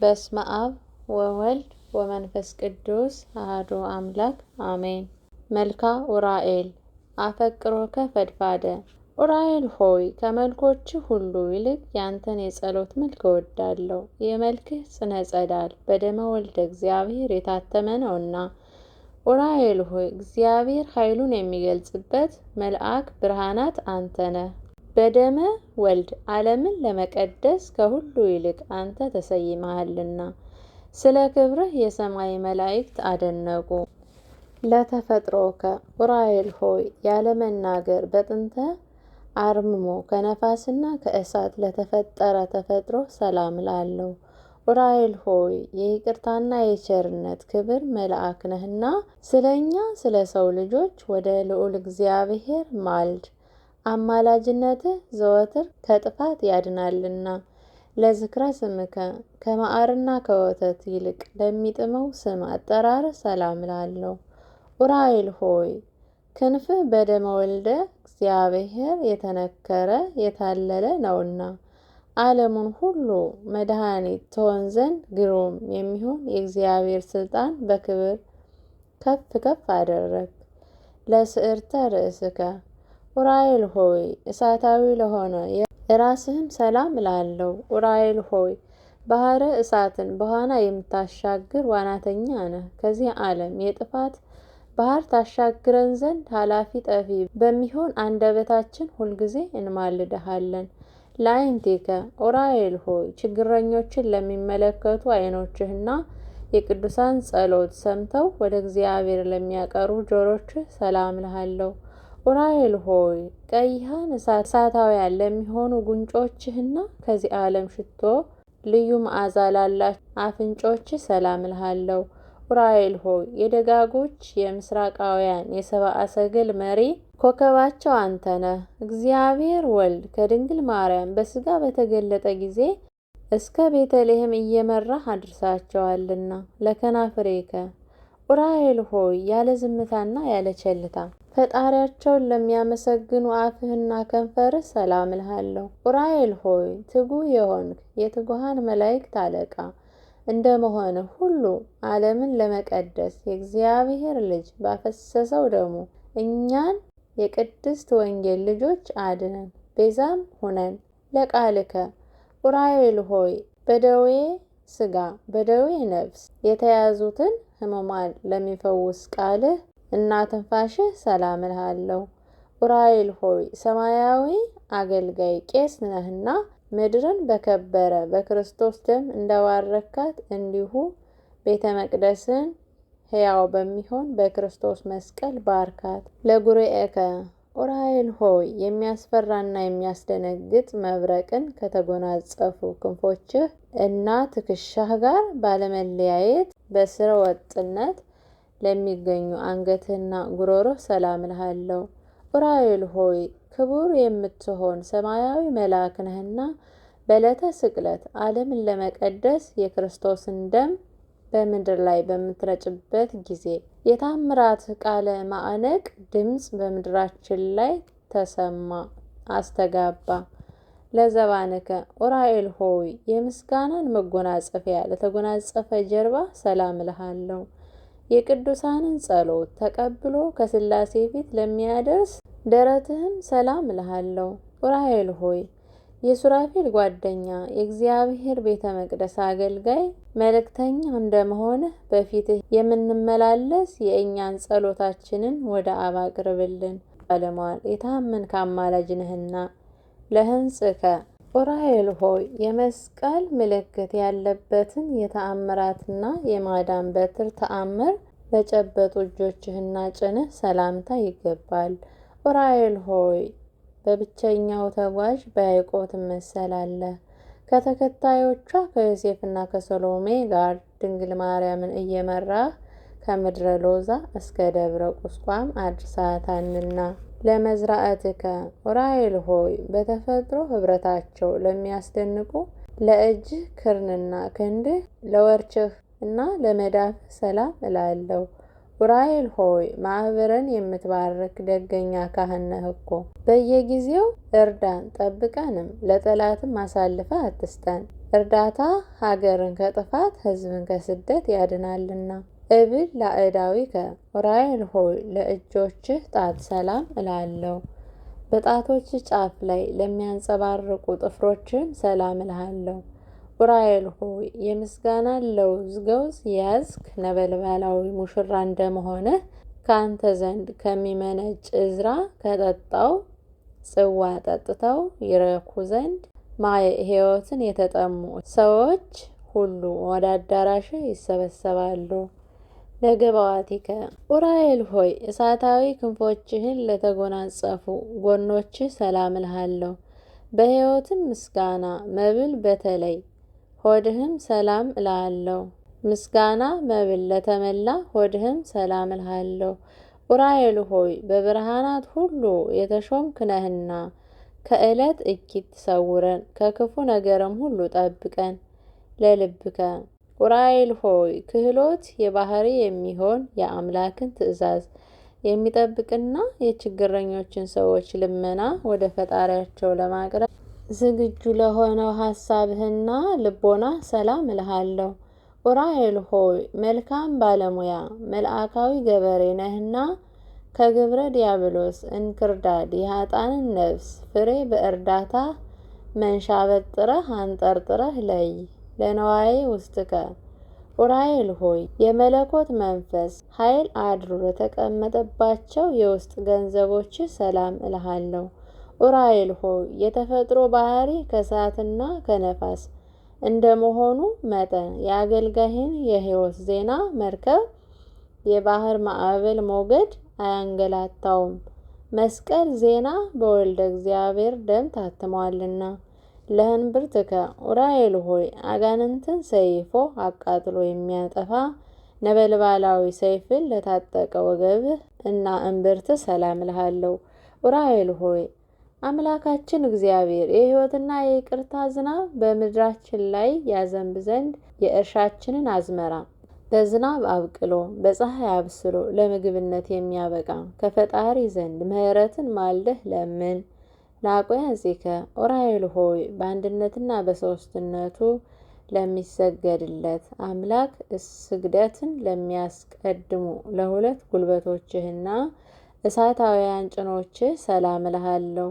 በስመ አብ ወወልድ ወመንፈስ ቅዱስ አህዶ አምላክ አሜን። መልካ ኡራኤል አፈቅሮከ ፈድፋደ ኡራኤል ሆይ ከመልኮች ሁሉ ይልቅ ያንተን የጸሎት መልክ እወዳለሁ። የመልክህ ጽነ ጸዳል በደመ ወልደ እግዚአብሔር የታተመ ነውና። ኡራኤል ሆይ እግዚአብሔር ኃይሉን የሚገልጽበት መልአክ ብርሃናት አንተ ነህ። በደመ ወልድ ዓለምን ለመቀደስ ከሁሉ ይልቅ አንተ ተሰይመሃልና ስለ ክብርህ የሰማይ መላእክት አደነቁ። ለተፈጥሮከ ዑራኤል ሆይ ያለመናገር በጥንተ አርምሞ ከነፋስና ከእሳት ለተፈጠረ ተፈጥሮ ሰላም ላለው ዑራኤል ሆይ የይቅርታና የቸርነት ክብር መልአክ ነህና ስለ እኛ ስለ ሰው ልጆች ወደ ልዑል እግዚአብሔር ማልድ። አማላጅነትህ ዘወትር ከጥፋት ያድናልና። ለዝክረ ስምከ ከማዕርና ከወተት ይልቅ ለሚጥመው ስም አጠራር ሰላም ላለው። ዑራኤል ሆይ ክንፍህ በደመ ወልደ እግዚአብሔር የተነከረ የታለለ ነውና ዓለሙን ሁሉ መድኃኒት ትሆን ዘንድ ግሩም የሚሆን የእግዚአብሔር ስልጣን በክብር ከፍ ከፍ አደረግ ለስዕርተ ርእስከ ኡራኤል ሆይ እሳታዊ ለሆነ የራስህም ሰላም እላለሁ። ኡራኤል ሆይ ባህረ እሳትን በኋና የምታሻግር ዋናተኛ ነህ። ከዚህ ዓለም የጥፋት ባህር ታሻግረን ዘንድ ኃላፊ ጠፊ በሚሆን አንደበታችን ሁልጊዜ እንማልድሃለን። ለአይንቲከ ኡራኤል ሆይ ችግረኞችን ለሚመለከቱ አይኖችህና የቅዱሳን ጸሎት ሰምተው ወደ እግዚአብሔር ለሚያቀሩ ጆሮችህ ሰላም እልሃለሁ። ዑራኤል ሆይ ቀይሃን እሳታውያን ለሚሆኑ ጉንጮችህና ከዚህ ዓለም ሽቶ ልዩ መዓዛ ላላቸው አፍንጮች ሰላም እልሃለሁ። ዑራኤል ሆይ የደጋጎች የምስራቃውያን የሰብአ ሰገል መሪ ኮከባቸው አንተ ነህ። እግዚአብሔር ወልድ ከድንግል ማርያም በሥጋ በተገለጠ ጊዜ እስከ ቤተልሔም እየመራህ አድርሳቸዋልና ለከናፍሬከ ዑራኤል ሆይ ያለ ዝምታና ያለ ቸልታ ፈጣሪያቸውን ለሚያመሰግኑ አፍህና ከንፈርህ ሰላም እልሃለሁ። ዑራኤል ሆይ ትጉህ የሆንክ የትጉሃን መላእክት አለቃ እንደ መሆንህ ሁሉ ዓለምን ለመቀደስ የእግዚአብሔር ልጅ ባፈሰሰው ደሙ እኛን የቅድስት ወንጌል ልጆች አድነን፣ ቤዛም ሁነን። ለቃልከ ዑራኤል ሆይ በደዌ ሥጋ በደዌ ነፍስ የተያዙትን ሕሙማን ለሚፈውስ ቃልህ እና ትንፋሽህ ሰላም እልሃለሁ። ዑራኤል ሆይ ሰማያዊ አገልጋይ ቄስ ነህና ምድርን በከበረ በክርስቶስ ደም እንደባረካት እንዲሁ ቤተ መቅደስን ሕያው በሚሆን በክርስቶስ መስቀል ባርካት። ለጉርኤከ ዑራኤል ሆይ የሚያስፈራና የሚያስደነግጥ መብረቅን ከተጎናጸፉ ክንፎችህ እና ትከሻህ ጋር ባለመለያየት በስረ ወጥነት ለሚገኙ አንገትህና ጉሮሮህ ሰላም እልሃለሁ። ዑራኤል ሆይ ክቡር የምትሆን ሰማያዊ መልአክ ነህና በዕለተ ስቅለት ዓለምን ለመቀደስ የክርስቶስን ደም በምድር ላይ በምትረጭበት ጊዜ የታምራት ቃለ ማዕነቅ ድምፅ በምድራችን ላይ ተሰማ አስተጋባ። ለዘባንከ ዑራኤል ሆይ የምስጋናን መጎናጸፊያ ለተጎናጸፈ ጀርባ ሰላም እልሃለሁ። የቅዱሳንን ጸሎት ተቀብሎ ከስላሴ ፊት ለሚያደርስ ደረትህን ሰላም እልሃለሁ። ዑራኤል ሆይ የሱራፌል ጓደኛ የእግዚአብሔር ቤተ መቅደስ አገልጋይ መልእክተኛ እንደመሆንህ በፊትህ የምንመላለስ የእኛን ጸሎታችንን ወደ አብ አቅርብልን። ባለሟል የታመንክ አማላጅ ነህና ለህንጽከ ዑራኤል ሆይ የመስቀል ምልክት ያለበትን የተአምራትና የማዳን በትር ተአምር ለጨበጡ እጆችህና ጭንህ ሰላምታ ይገባል። ዑራኤል ሆይ በብቸኛው ተጓዥ በያዕቆብ ትመሰላለህ። ከተከታዮቿ ከዮሴፍና ከሰሎሜ ጋር ድንግል ማርያምን እየመራህ ከምድረ ሎዛ እስከ ደብረ ቁስቋም አድርሳታንና ለመዝራእትከ ዑራኤል ሆይ በተፈጥሮ ህብረታቸው ለሚያስደንቁ ለእጅህ ክርንና ክንድህ ለወርችህ እና ለመዳፍ ሰላም እላለሁ። ዑራኤል ሆይ ማኅበረን የምትባርክ ደገኛ ካህን ነህ እኮ። በየጊዜው እርዳን ጠብቀንም፣ ለጠላትም አሳልፈ አትስጠን። እርዳታ ሀገርን ከጥፋት ህዝብን ከስደት ያድናልና። እብል ላዕዳዊከ ዑራኤል ሆይ ለእጆችህ ጣት ሰላም እላለሁ። በጣቶች ጫፍ ላይ ለሚያንጸባርቁ ጥፍሮችህም ሰላም እልሃለሁ። ዑራኤል ሆይ የምስጋና ለውዝ ገውዝ የያዝክ ነበልባላዊ ሙሽራ እንደመሆንህ ከአንተ ዘንድ ከሚመነጭ እዝራ ከጠጣው ጽዋ ጠጥተው ይረኩ ዘንድ ማየ ሕይወትን የተጠሙ ሰዎች ሁሉ ወደ አዳራሽ ይሰበሰባሉ። ለገባዋቲከ ኡራኤል ሆይ እሳታዊ ክንፎችህን ለተጎናጸፉ ጎኖችህ ሰላም እልሃለሁ። በሕይወትም ምስጋና መብል በተለይ ሆድህም ሰላም እልሃለሁ። ምስጋና መብል ለተመላ ሆድህም ሰላም እልሃለሁ። ኡራኤል ሆይ በብርሃናት ሁሉ የተሾምክ ነህና ከእለት እኪት ሰውረን ከክፉ ነገርም ሁሉ ጠብቀን ለልብከ ዑራኤል ሆይ ክህሎት የባህሪ የሚሆን የአምላክን ትእዛዝ የሚጠብቅና የችግረኞችን ሰዎች ልመና ወደ ፈጣሪያቸው ለማቅረብ ዝግጁ ለሆነው ሀሳብህና ልቦና ሰላም እልሃለሁ። ዑራኤል ሆይ መልካም ባለሙያ መልአካዊ ገበሬ ነህና ከግብረ ዲያብሎስ እንክርዳድ የሀጣንን ነፍስ ፍሬ በእርዳታ መንሻ በጥረህ አንጠርጥረህ ለይ። ለነዋዬ ውስጥከ ዑራኤል ሆይ የመለኮት መንፈስ ኃይል አድሮ ለተቀመጠባቸው የውስጥ ገንዘቦች ሰላም እልሃለሁ። ዑራኤል ሆይ የተፈጥሮ ባህሪ ከእሳትና ከነፋስ እንደመሆኑ መጠን የአገልጋይህን የህይወት ዜና መርከብ የባህር ማዕበል ሞገድ አያንገላታውም። መስቀል ዜና በወልደ እግዚአብሔር ደም ታትሟልና ለእንብርትከ ኡራኤል ሆይ አጋንንትን ሰይፎ አቃጥሎ የሚያጠፋ ነበልባላዊ ሰይፍን ለታጠቀ ወገብህ እና እንብርት ሰላም እልሃለሁ። ኡራኤል ሆይ አምላካችን እግዚአብሔር የሕይወትና የይቅርታ ዝናብ በምድራችን ላይ ያዘንብ ዘንድ የእርሻችንን አዝመራ በዝናብ አብቅሎ በፀሐይ አብስሎ ለምግብነት የሚያበቃ ከፈጣሪ ዘንድ ምሕረትን ማልደህ ለምን ላቆያዚከ ዑራኤል ሆይ በአንድነትና በሶስትነቱ ለሚሰገድለት አምላክ ስግደትን ለሚያስቀድሙ ለሁለት ጉልበቶችህና እሳታውያን ጭኖችህ ሰላም እልሃለሁ።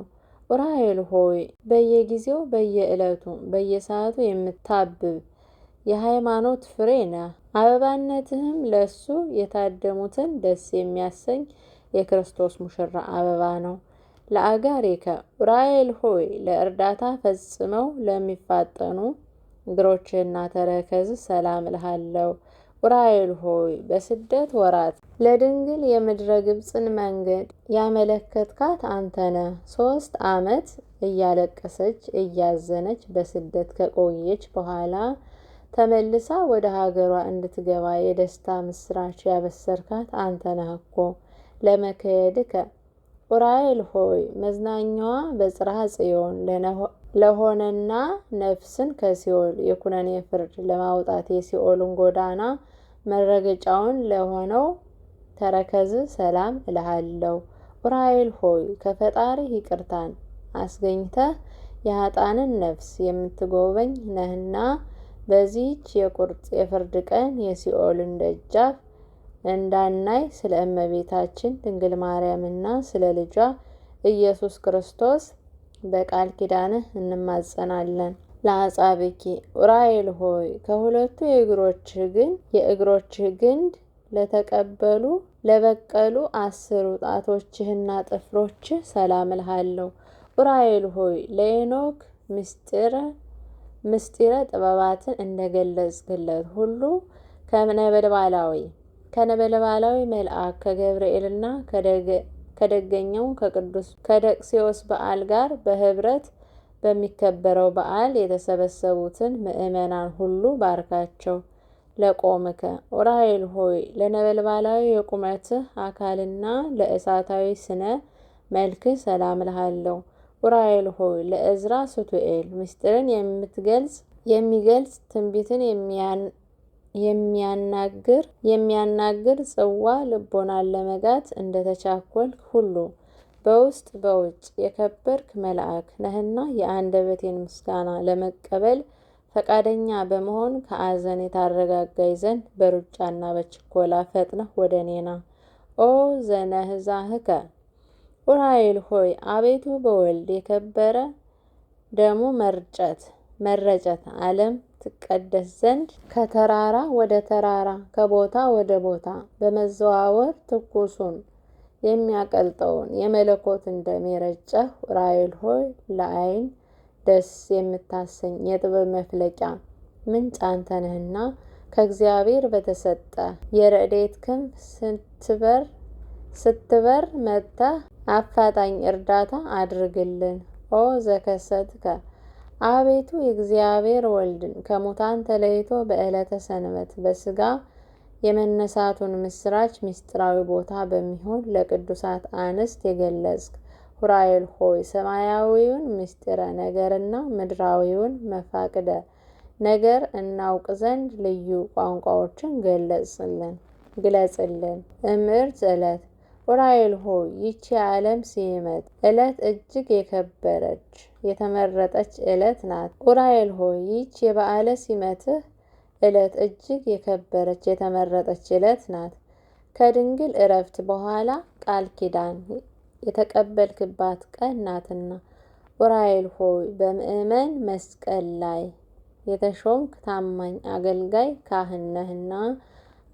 ዑራኤል ሆይ በየጊዜው በየዕለቱ በየሰዓቱ የምታብብ የሃይማኖት ፍሬ ነህ። አበባነትህም ለእሱ የታደሙትን ደስ የሚያሰኝ የክርስቶስ ሙሽራ አበባ ነው። ለአጋሬከ ዑራኤል ሆይ ለእርዳታ ፈጽመው ለሚፋጠኑ እግሮችና ተረከዝ ሰላም እልሃለሁ። ዑራኤል ሆይ በስደት ወራት ለድንግል የምድረ ግብፅን መንገድ ያመለከትካት አንተነ ሶስት አመት ዓመት እያለቀሰች እያዘነች በስደት ከቆየች በኋላ ተመልሳ ወደ ሀገሯ እንድትገባ የደስታ ምስራች ያበሰርካት አንተ ነህ እኮ ለመከየድከ ዑራኤል ሆይ መዝናኛዋ በጽርሐ ጽዮን ለሆነና ነፍስን ከሲኦል የኩነኔ ፍርድ ለማውጣት የሲኦልን ጎዳና መረገጫውን ለሆነው ተረከዝ ሰላም እልሃለሁ። ዑራኤል ሆይ ከፈጣሪ ይቅርታን አስገኝተህ የሀጣንን ነፍስ የምትጎበኝ ነህና በዚህች የቁርጥ የፍርድ ቀን የሲኦልን ደጃፍ እንዳናይ ስለ እመቤታችን ድንግል ማርያምና ስለ ልጇ ኢየሱስ ክርስቶስ በቃል ኪዳንህ እንማጸናለን። ለአጻብኪ ዑራኤል ሆይ ከሁለቱ የእግሮችህ ግንድ የእግሮችህ ግንድ ለተቀበሉ ለበቀሉ አስር ጣቶችህና ጥፍሮችህ ሰላም እልሃለሁ። ዑራኤል ሆይ ለኤኖክ ምስጢረ ምስጢረ ጥበባትን እንደገለጽክለት ሁሉ ከነበልባላዊ ከነበልባላዊ መልአክ ከገብርኤልና ከደገኛው ከቅዱስ ከደቅሲዮስ በዓል ጋር በህብረት በሚከበረው በዓል የተሰበሰቡትን ምዕመናን ሁሉ ባርካቸው። ለቆምከ ዑራኤል ሆይ ለነበልባላዊ የቁመትህ አካልና ለእሳታዊ ስነ መልክህ ሰላም እልሃለሁ። ዑራኤል ሆይ ለእዝራ ስቱኤል ምስጢርን የምትገልጽ የሚገልጽ ትንቢትን የሚያናግር የሚያናግር ጽዋ ልቦናን ለመጋት እንደተቻኰልክ ሁሉ በውስጥ በውጭ የከበርክ መልአክ ነህና የአንደበቴን ምስጋና ለመቀበል ፈቃደኛ በመሆን ከአዘን የታረጋጋይ ዘንድ በሩጫና በችኮላ ፈጥነህ ወደ እኔ ና። ኦ ዘነሕዛህከ ዑራኤል ሆይ አቤቱ በወልድ የከበረ ደሙ መርጨት መረጨት ዓለም ትቀደስ ዘንድ ከተራራ ወደ ተራራ ከቦታ ወደ ቦታ በመዘዋወር ትኩሱን የሚያቀልጠውን የመለኮትን ደም የረጨህ ራይል ሆይ ለአይን ደስ የምታሰኝ የጥበብ መፍለቂያ ምንጭ አንተ ነህና ከእግዚአብሔር በተሰጠ የረዴት ክንፍ ስትበር ስትበር መጥተህ አፋጣኝ እርዳታ አድርግልን ኦ ዘከሰትከ አቤቱ የእግዚአብሔር ወልድን ከሙታን ተለይቶ በዕለተ ሰንበት በስጋ የመነሳቱን ምስራች ምስጢራዊ ቦታ በሚሆን ለቅዱሳት አንስት የገለጽክ ሁራይል ሆይ ሰማያዊውን ምስጢረ ነገርና ምድራዊውን መፋቅደ ነገር እናውቅ ዘንድ ልዩ ቋንቋዎችን ገለጽልን ግለጽልን። እምርት ዕለት ዑራኤል ሆይ ይቺ ዓለም ሲመት ዕለት እጅግ የከበረች የተመረጠች ዕለት ናት። ዑራኤል ሆይ ይቺ የበዓለ ሲመትህ ዕለት እጅግ የከበረች የተመረጠች ዕለት ናት። ከድንግል እረፍት በኋላ ቃል ኪዳን የተቀበልክባት ቀን ናትና ዑራኤል ሆይ በምእመን መስቀል ላይ የተሾምክ ታማኝ አገልጋይ ካህን ነህና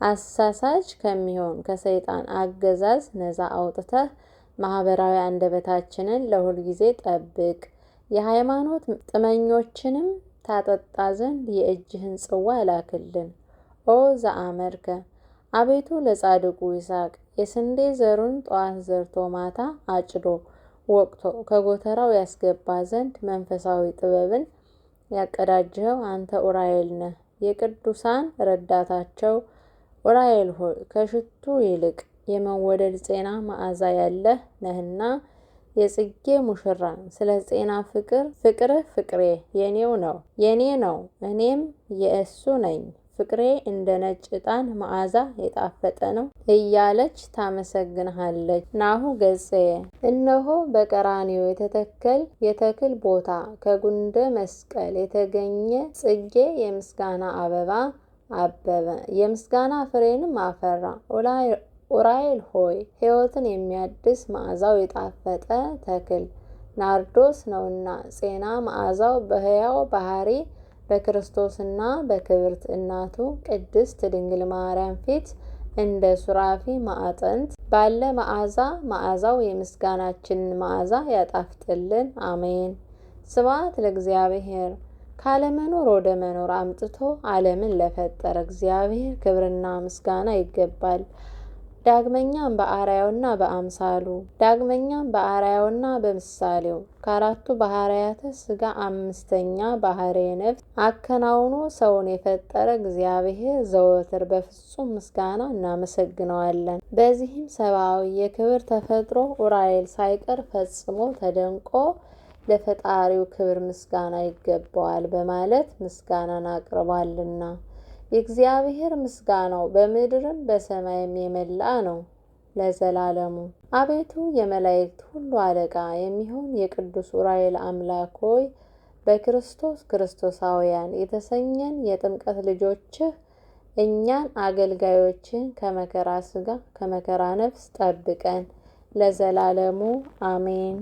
አሳሳች ከሚሆን ከሰይጣን አገዛዝ ነፃ አውጥተህ ማህበራዊ አንደበታችንን ለሁል ጊዜ ጠብቅ። የሃይማኖት ጥመኞችንም ታጠጣ ዘንድ የእጅህን ጽዋ ያላክልን። ኦ ዘአመርከ አቤቱ ለጻድቁ ይስሐቅ የስንዴ ዘሩን ጠዋት ዘርቶ ማታ አጭዶ ወቅቶ ከጎተራው ያስገባ ዘንድ መንፈሳዊ ጥበብን ያቀዳጀኸው አንተ ኡራኤል ነህ። የቅዱሳን ረዳታቸው ዑራኤል ሆይ ከሽቱ ይልቅ የመወደድ ጤና መዓዛ ያለህ ነህና የጽጌ ሙሽራን ስለ ጤና ፍቅር ፍቅርህ ፍቅሬ የኔው ነው የኔ ነው እኔም የእሱ ነኝ ፍቅሬ እንደ ነጭ ዕጣን መዓዛ የጣፈጠ ነው እያለች ታመሰግንሃለች። ናሁ ገጼ እነሆ በቀራኒዮ የተተከል የተክል ቦታ ከጉንደ መስቀል የተገኘ ጽጌ የምስጋና አበባ አበበ። የምስጋና ፍሬንም አፈራ። ኡራኤል ሆይ ሕይወትን የሚያድስ መዓዛው የጣፈጠ ተክል ናርዶስ ነውና ጼና መዓዛው በሕያው ባህሪ በክርስቶስና በክብርት እናቱ ቅድስት ድንግል ማርያም ፊት እንደ ሱራፊ ማዕጠንት ባለ መዓዛ መዓዛው የምስጋናችንን መዓዛ ያጣፍጥልን። አሜን። ስብሐት ለእግዚአብሔር። ካለመኖር ወደ መኖር አምጥቶ ዓለምን ለፈጠረ እግዚአብሔር ክብርና ምስጋና ይገባል። ዳግመኛም በአርአያውና በአምሳሉ ዳግመኛም በአርአያውና በምሳሌው ከአራቱ ባህርያተ ስጋ አምስተኛ ባህሬ ነፍስ አከናውኖ ሰውን የፈጠረ እግዚአብሔር ዘወትር በፍጹም ምስጋና እናመሰግነዋለን። በዚህም ሰብአዊ የክብር ተፈጥሮ ዑራኤል ሳይቀር ፈጽሞ ተደንቆ ለፈጣሪው ክብር ምስጋና ይገባዋል በማለት ምስጋናን አቅርቧልና የእግዚአብሔር ምስጋናው በምድርም በሰማይም የመላ ነው ለዘላለሙ። አቤቱ የመላእክት ሁሉ አለቃ የሚሆን የቅዱስ ዑራኤል አምላክ ሆይ በክርስቶስ ክርስቶሳውያን የተሰኘን የጥምቀት ልጆችህ እኛን አገልጋዮችን ከመከራ ስጋ ከመከራ ነፍስ ጠብቀን ለዘላለሙ አሜን።